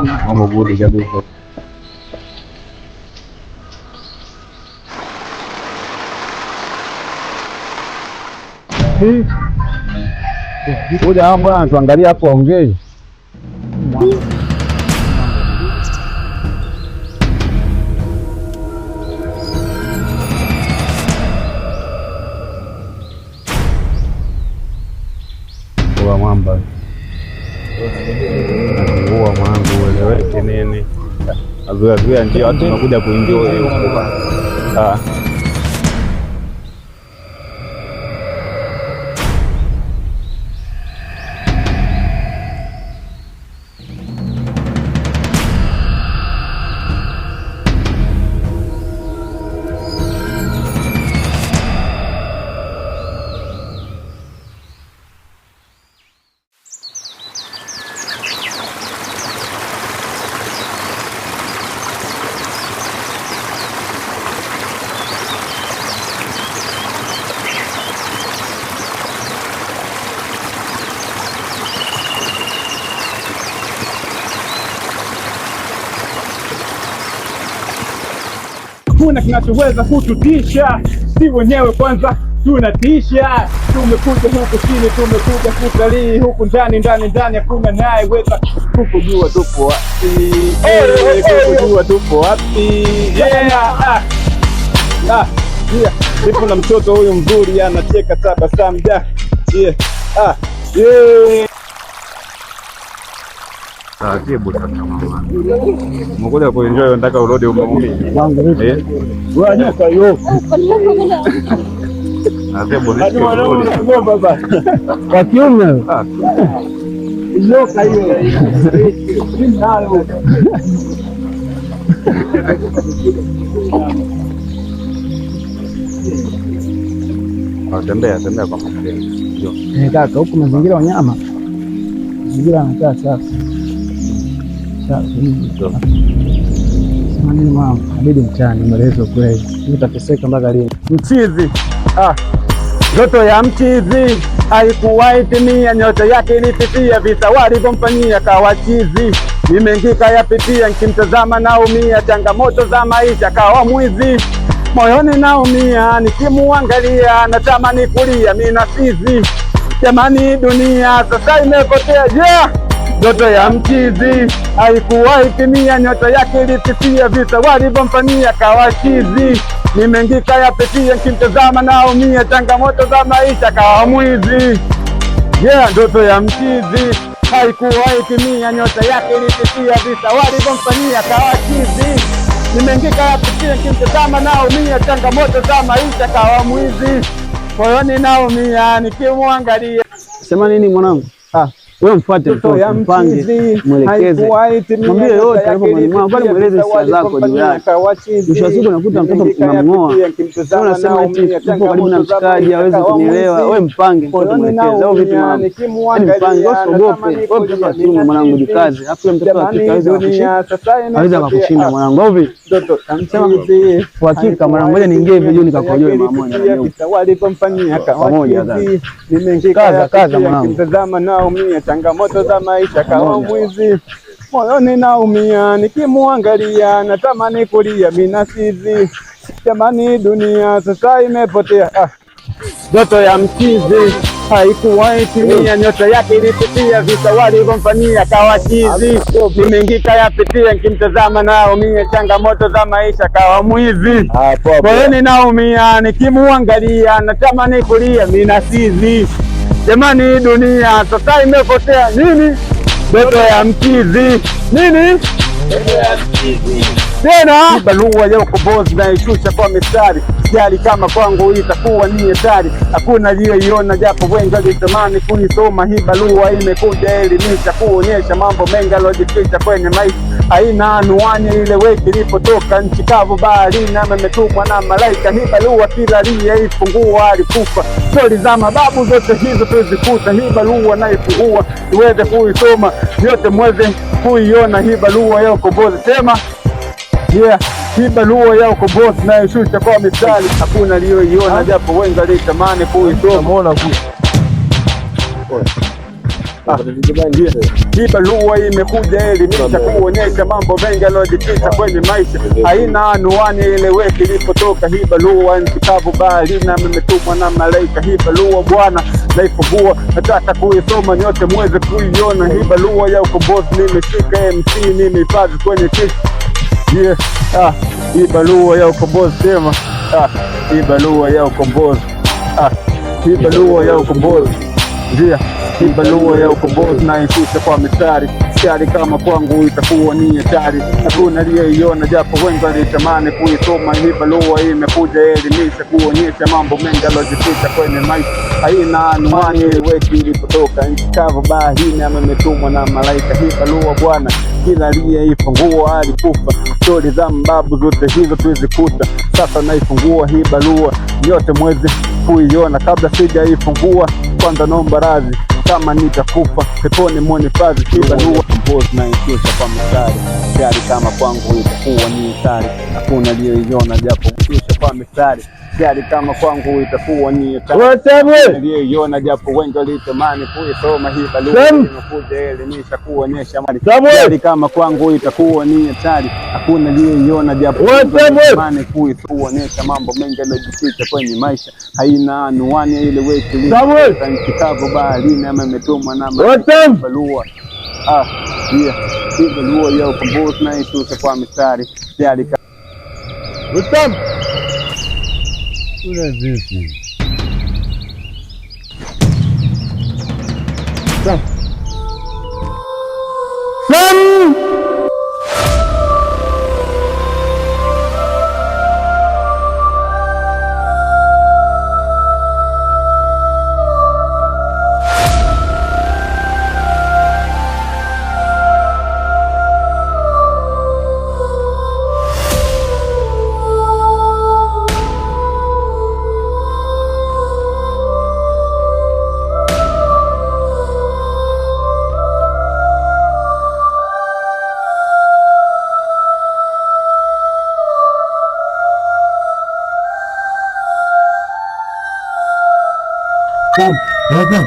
Mambo budi kabisa. Kuja hapo bwana, tuangalie hapo waongei. mwamba, mwamba kelele, mazoea ndio watu tunakuja kuenjoy huko. hakuna kinachoweza kututisha, si wenyewe kwanza tunatisha. Tumekuja huku chini, tumekuja kutalii huku ndani ndani ndani, hakuna naye weza kukujua tupo wapi, kukujua tupo wapi. Ah, ah. ah, Ipo na mtoto huyu mzuri, anacheka tabasamu. Mkuja kuenjoy nataka urudi tembea tembea kwa kaka huku mazingira wanyama mazingira anakaa safi Abidi mtani maelezo kweli, mpaka lini? Mchizi ah, ndoto ya mchizi haikuwahi timia, nyoto yake ilipitia vita walivyomfanyia kawachizi nimengika yapitia, nkimtazama naumia, changamoto za maisha kawa mwizi, moyoni naumia, nikimuangalia natamani kulia, mina sizi Jamani, dunia sasa imepotea, yeah Ndoto ya mchizi haikuwahi timia, nyota yake ilififia, vita walivyomfanyia kawachizi ni mengi kayapitia, nkimtazama naumia, changamoto za maisha kawa mwizi. Yeah, ndoto ya mchizi haikuwahi timia, nyota yake ilififia, vita walivyomfanyia kawachizi ni mengi kayapitia, nkimtazama naumia, changamoto za maisha kawa mwizi. Moyoni naumia nikimwangalia. Sema nini mwanangu? ah. Wewe mfuate mtoto, mpange, mwelekeze, mwambie yote hapo mwalimu, bali mweleze hisia zako juu yake. Mwisho wa siku unakuta mtoto unamng'oa, unasema eti tupo karibu na mshikaji, hawezi kunielewa. Wewe mpange mtoto, mwelekeze au vitu maana, yaani mpange, usiogope. Wewe mtoto wa kiume, mwanangu, jikaze, afu mtoto wa kike hawezi kukushinda, hawezi kukushinda mwanangu, au vipi? Mtoto sema kwa hakika, mwanangu, ngoja niingie video nikakojoe mamoja yaani pamoja. Kaza kaza mwanangu changamoto za maisha kama mwizi, moyoni naumia, nikimuangalia natamani kulia minasizi. Jamani, dunia sasa imepotea, ah, ndoto ah, ya mchizi haikuwa itimia, nyota yake ilipipia, vita walivyomfanyia kawa chizi. Ni mengi kayapitia, nikimtazama naumia, changamoto za maisha kawa mwizi, ah, moyoni naumia, nikimuangalia natamani kulia minasizi Jamani, dunia sasa imepotea nini? Bebe ya mchizi nini? tena barua ya ukombozi naishusha kwa mistari, jali kama kwangu itakuwa ni hatari. Hakuna aliyoiona japo wengi walitamani kuisoma. Hii barua imekuja elimisha, kuonyesha mambo mengi aliojificha kwenye maisha. Aina anuani ile weki ilipotoka, nchi kavu, baharini, ama imetumwa na malaika. Hii barua kila liyeifungua alikufa. Stori za mababu zote hizo tuzikuta. Hii barua naifungua iweze kuisoma, yote mweze kuiona. Hii barua yao ukombozi. Sema yeah, tiba luo ya ukombozi nayoshusha itakuwa mithali hakuna aliyoiona, japo wengi alitamani kuisoma. Tiba ah. lugha imekuja elimisha, kuonyesha mambo mengi aliyojikita kwenye maisha, haina anuani eleweki ilipotoka. Hiba lugha nkitabu bahalina, mimetumwa na malaika. Hiba lugha Bwana naifungua, nataka kuisoma nyote muweze kuiona. Hiba lugha ya ukombozi nimeshika, MC nimehifadhi kwenye kisa. Yeah, ah, hiba lugha ya ukombozi sema, ah, hiba lugha ya ukombozi, ah, hiba lugha ya ukombozi ndio si balua ya ukombozi na ishusha kwa mistari shari kama kwangu itakuwa ni hatari, hakuna aliyeiona japo wengi walitamani kuisoma. Hii balua imekuja elimisha, kuonyesha mambo mengi alojificha kwenye maisha. Haina anwani weki ilipotoka nchi kavu, baharini ama imetumwa na malaika. Hii balua bwana, kila aliyeifungua alikufa. Stori za mbabu zote hizo tuzikuta, sasa naifungua hii balua nyote mwezi kuiona. Kabla sijaifungua kwanza, naomba radhi kama nitakufa peponi mwone fazi kibanua mbozi na inshusha kwa mistari gari kama kwangu itakuwa ni itari hakuna liyoiona japo kushusha kwa mistari gari kama kwangu itakuwa ni niliyoiona, japo wengi walitamani kuisoma hii baluni, nimekuja elimisha kuonyesha mali. Gari kama kwangu itakuwa ni hatari, hakuna aliyoiona, japo tamani kuonyesha mambo mengi yaliyojificha kwenye maisha. Haina anuani ile wekilikitabu baharini, ama imetumwa na barua ah, yeah. Hii barua ya ukombozi na Yesu kwa mstari gari Tudo é ver, filho. Tá. Okay.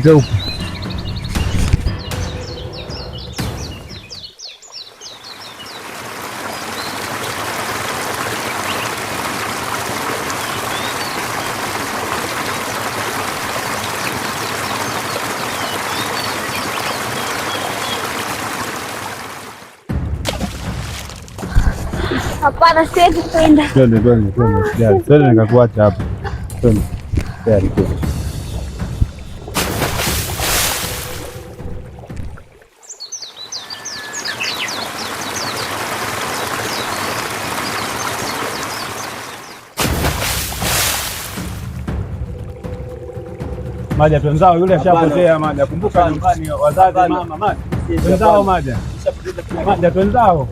could open. Hapana, siwezi kwenda. Twende, twende, twende. Twende, nikakuacha Maja twenzao yule ashapotea Maja, kumbuka nyumbani, wazazi, mama Maja, twenzao Maja, Maja twenzao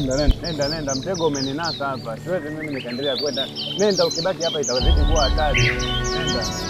nenda nenda nenda nenda, mtego umeninasa hapa, siwezi mimi nikaendelea kwenda. Nenda, ukibaki hapa itawezidi kuwa hatari. Nenda.